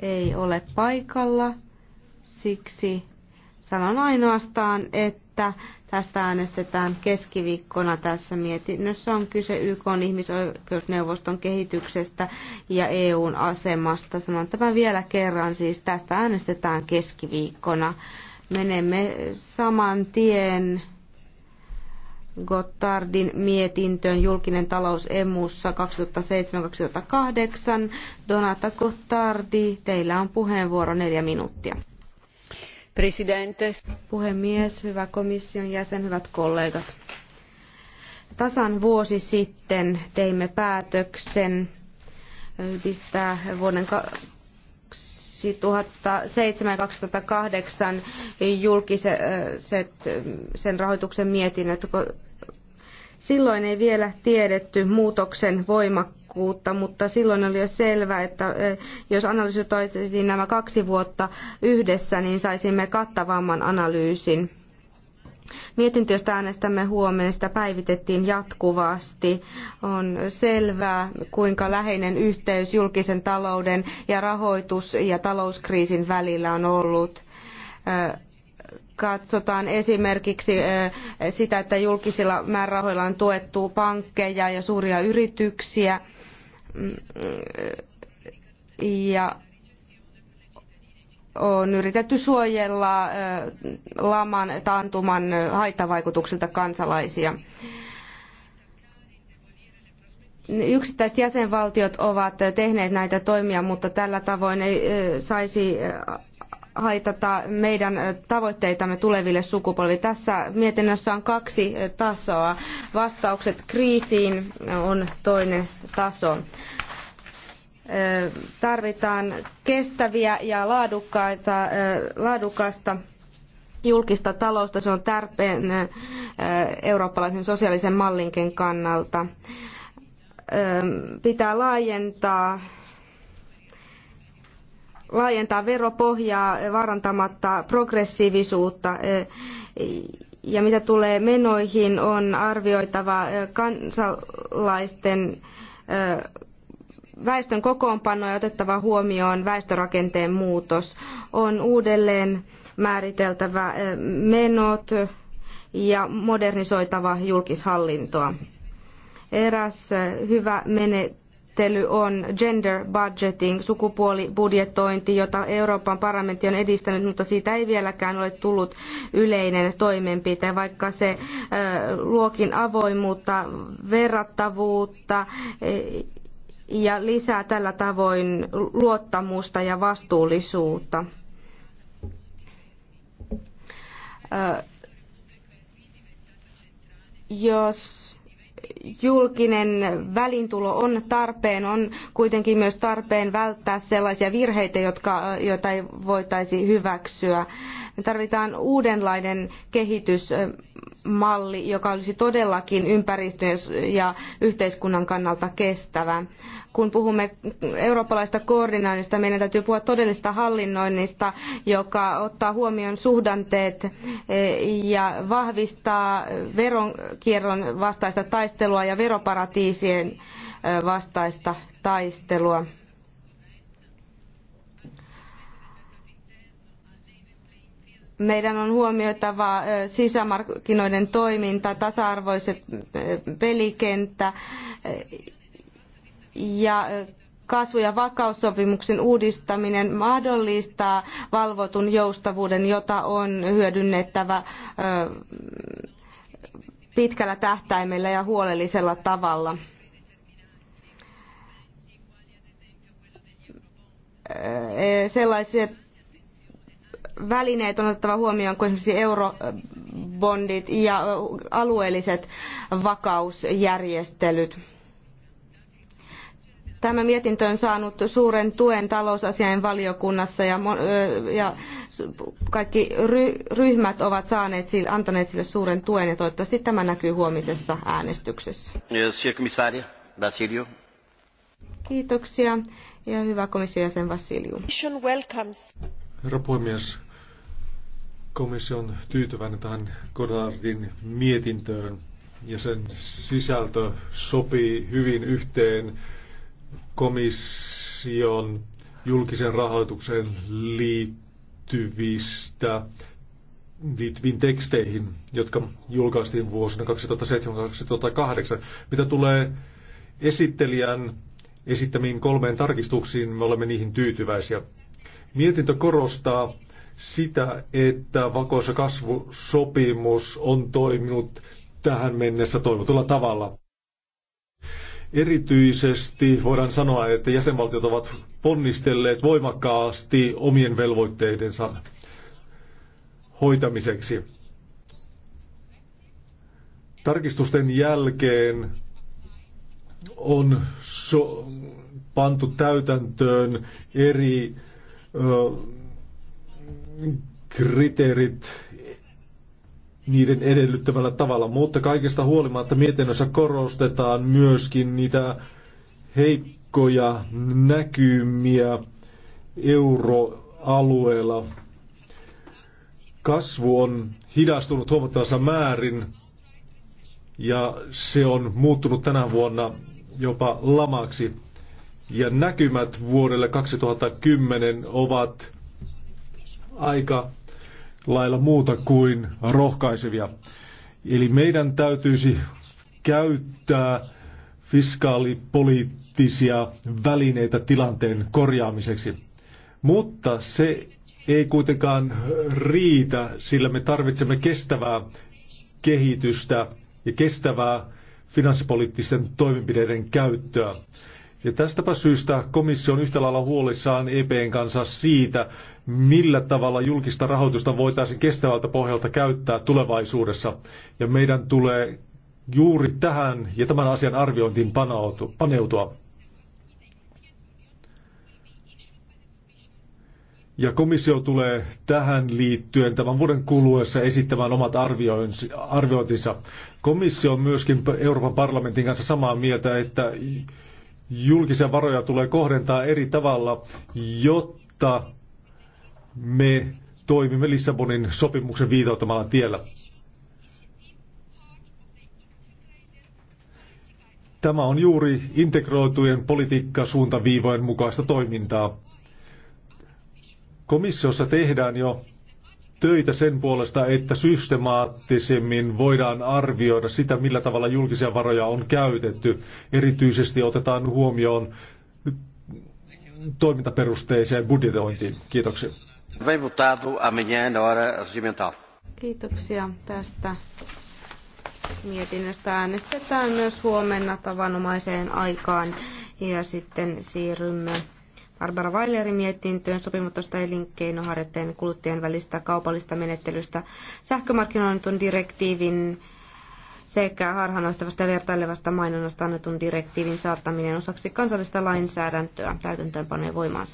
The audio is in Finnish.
ei ole paikalla, siksi sanon ainoastaan, että tästä äänestetään keskiviikkona tässä mietinnössä. On kyse YK ihmisoikeusneuvoston kehityksestä ja EUn asemasta. Sanon tämän vielä kerran, siis tästä äänestetään keskiviikkona. Menemme saman tien Gottardin mietintöön julkinen talous emussa 2007-2008. Donata Gottardi, teillä on puheenvuoro neljä minuuttia. Presidentes. Puhemies, hyvä komission jäsen, hyvät kollegat. Tasan vuosi sitten teimme päätöksen yhdistää vuoden 2007-2008 julkiset sen rahoituksen mietinnöt Silloin ei vielä tiedetty muutoksen voimakkuutta, mutta silloin oli jo selvää, että jos analysoitaisiin nämä kaksi vuotta yhdessä, niin saisimme kattavamman analyysin. Mietintö, josta äänestämme huomenna, sitä päivitettiin jatkuvasti. On selvää, kuinka läheinen yhteys julkisen talouden ja rahoitus- ja talouskriisin välillä on ollut katsotaan esimerkiksi eh, sitä, että julkisilla määrärahoilla on tuettu pankkeja ja suuria yrityksiä. Mm, ja on yritetty suojella eh, laman taantuman haittavaikutuksilta kansalaisia. Yksittäiset jäsenvaltiot ovat tehneet näitä toimia, mutta tällä tavoin ei eh, saisi haitata meidän tavoitteitamme tuleville sukupolville. Tässä mietinnössä on kaksi tasoa. Vastaukset kriisiin on toinen taso tarvitaan kestäviä ja laadukkaita, laadukasta julkista talousta. Se on tärkein eurooppalaisen sosiaalisen mallinkin kannalta. Pitää laajentaa laajentaa veropohjaa vaarantamatta progressiivisuutta. Ja mitä tulee menoihin, on arvioitava kansalaisten väestön kokoonpano ja otettava huomioon väestörakenteen muutos. On uudelleen määriteltävä menot ja modernisoitava julkishallintoa. Eräs hyvä menettely käsittely on gender budgeting, sukupuolibudjetointi, jota Euroopan parlamentti on edistänyt, mutta siitä ei vieläkään ole tullut yleinen toimenpite, vaikka se luokin avoimuutta, verrattavuutta e, ja lisää tällä tavoin luottamusta ja vastuullisuutta jos julkinen välintulo on tarpeen, on kuitenkin myös tarpeen välttää sellaisia virheitä, jotka, joita ei voitaisi hyväksyä. Me tarvitaan uudenlainen kehitysmalli, joka olisi todellakin ympäristön ja yhteiskunnan kannalta kestävä. Kun puhumme eurooppalaista koordinaatista, meidän täytyy puhua todellista hallinnoinnista, joka ottaa huomioon suhdanteet eh, ja vahvistaa veronkierron vastaista taistelua ja veroparatiisien eh, vastaista taistelua meidän on huomioitava sisämarkkinoiden toiminta, tasa-arvoiset pelikenttä ja kasvu- ja vakaussopimuksen uudistaminen mahdollistaa valvotun joustavuuden, jota on hyödynnettävä pitkällä tähtäimellä ja huolellisella tavalla. E, Sellaiset välineet on otettava huomioon kuin esimerkiksi eurobondit ja alueelliset vakausjärjestelyt. Tämä mietintö on saanut suuren tuen talousasiainvaliokunnassa valiokunnassa ja, ja kaikki ryhmät ovat saaneet, antaneet sille suuren tuen ja toivottavasti tämä näkyy huomisessa äänestyksessä. Kiitoksia ja hyvä komission jäsen Vassiliu. Herra puhemies, komission tyytyväinen tähän Godardin mietintöön ja sen sisältö sopii hyvin yhteen komission julkisen rahoitukseen liittyvistä liittyviin teksteihin, jotka julkaistiin vuosina 2007-2008. Mitä tulee esittelijän esittämiin kolmeen tarkistuksiin, me olemme niihin tyytyväisiä. Mietintö korostaa sitä, että vakoisa kasvusopimus on toiminut tähän mennessä toivotulla tavalla. Erityisesti voidaan sanoa, että jäsenvaltiot ovat ponnistelleet voimakkaasti omien velvoitteidensa hoitamiseksi. Tarkistusten jälkeen on so- pantu täytäntöön eri ö, kriteerit niiden edellyttävällä tavalla, mutta kaikesta huolimatta mietinnössä korostetaan myöskin niitä heikkoja näkymiä euroalueella. Kasvu on hidastunut huomattavassa määrin ja se on muuttunut tänä vuonna jopa lamaksi. Ja näkymät vuodelle 2010 ovat aika lailla muuta kuin rohkaisevia. Eli meidän täytyisi käyttää fiskaalipoliittisia välineitä tilanteen korjaamiseksi. Mutta se ei kuitenkaan riitä, sillä me tarvitsemme kestävää kehitystä ja kestävää finanssipoliittisten toimenpideiden käyttöä. Ja tästäpä syystä komissio on yhtä lailla huolissaan EPn kanssa siitä, millä tavalla julkista rahoitusta voitaisiin kestävältä pohjalta käyttää tulevaisuudessa. Ja meidän tulee juuri tähän ja tämän asian arviointiin paneutua. Ja komissio tulee tähän liittyen tämän vuoden kuluessa esittämään omat arviointinsa. Komissio on myöskin Euroopan parlamentin kanssa samaa mieltä, että julkisia varoja tulee kohdentaa eri tavalla, jotta me toimimme Lissabonin sopimuksen viitoittamalla tiellä. Tämä on juuri integroitujen politiikkasuuntaviivojen mukaista toimintaa. Komissiossa tehdään jo töitä sen puolesta, että systemaattisemmin voidaan arvioida sitä, millä tavalla julkisia varoja on käytetty. Erityisesti otetaan huomioon toimintaperusteiseen budjetointiin. Kiitoksia. Kiitoksia tästä mietinnöstä. Äänestetään myös huomenna tavanomaiseen aikaan ja sitten siirrymme Barbara Weilerin mietintöön sopimutosta elinkeinoharjoittajien kuluttajien välistä kaupallista menettelystä sähkömarkkinoinnin direktiivin sekä harhaanohtavasta ja vertailevasta mainonnasta annetun direktiivin saattaminen osaksi kansallista lainsäädäntöä täytäntöönpanojen voimaan